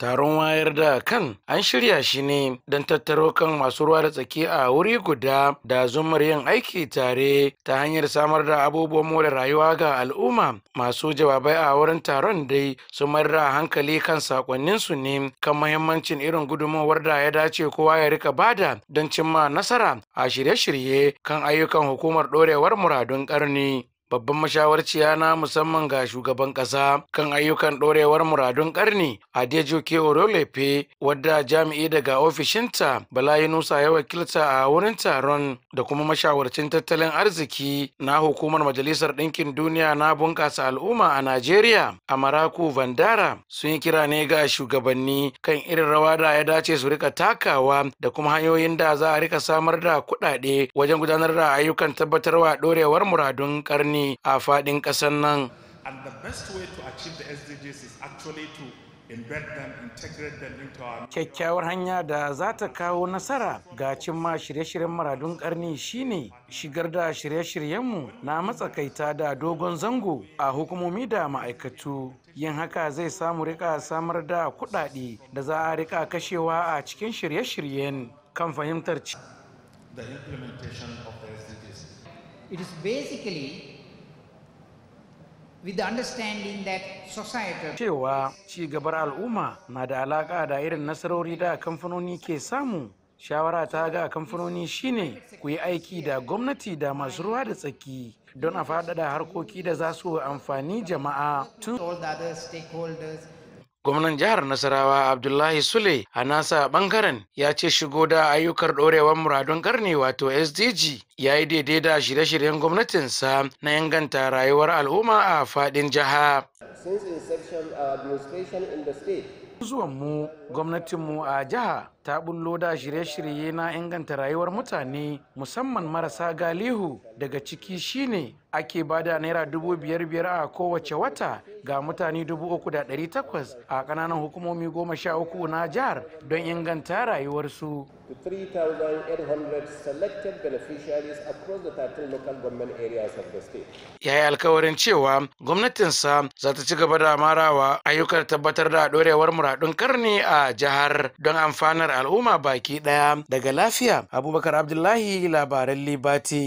taron wayar da kan an shirya shi ne don tattaro kan masu ruwa da tsaki a wuri guda da zumar yin aiki tare ta hanyar samar da abubuwan more rayuwa ga al'umma masu jawabai a wurin taron dai su mayar da hankali kan sakonnin su ne kan mahimmancin irin gudunmawar da ya dace kowa ya rika bada don cimma nasara a shirye-shirye kan ayyukan hukumar ɗorewar muradun ƙarni. babban mashawarciya na musamman ga shugaban ƙasa kan ayyukan ɗorewar muradun ƙarni a ke orolefe wadda jami'i daga ofishinta bala Nusa ya wakilta a wurin taron da kuma mashawarcin tattalin arziki na hukumar majalisar ɗinkin duniya na bunƙasa al'umma a najeriya a maraku vandara sun yi kira ne ga shugabanni kan irin rawa da ya dace su rika takawa da kuma hanyoyin da za a rika samar da kuɗaɗe wajen gudanar da ayyukan tabbatarwa ɗorewar muradun ƙarni ne a faɗin ƙasar nan. Kyakkyawar hanya da za ta kawo nasara ga cimma shirye-shiryen maradun karni shine shigar da shirye-shiryenmu na matsakaita da dogon zango a hukumomi da ma'aikatu. Yin haka zai samu rika samar da kuɗaɗe da za a rika kashewa a cikin shirye-shiryen kan fahimtar ci. with the understanding that society cewa ci gabar al'umma na da alaka da irin nasarori da kamfanoni ke samu shawara ta ga kamfanoni shine ku yi aiki da gwamnati da masu ruwa da tsaki don a faɗaɗa harkoki da za su amfani jama'a tun Gwamnan jihar Nasarawa Abdullahi Sule a nasa bangaren ya ce shigo da ayyukan ɗorewar muradun ƙarni wato SDG ya yi daidai da shirye-shiryen gwamnatinsa na inganta rayuwar al'umma a faɗin jiha. Since administration in state zuwan mu gwamnatinmu a jiha ta bullo da shirye-shirye na inganta rayuwar mutane musamman marasa galihu daga ciki shine ake bada naira dubu biyar biyar a kowace wata ga mutane dubu uku da ɗari takwas a ƙananan hukumomi goma sha uku na jihar don inganta rayuwarsu. yi alkawarin cewa gwamnatinsa za ta ci gaba da marawa ayyukan tabbatar da ɗorewar kuradun karni a jihar don amfanar al'umma baki ɗaya daga lafiya abubakar abdullahi labaran libati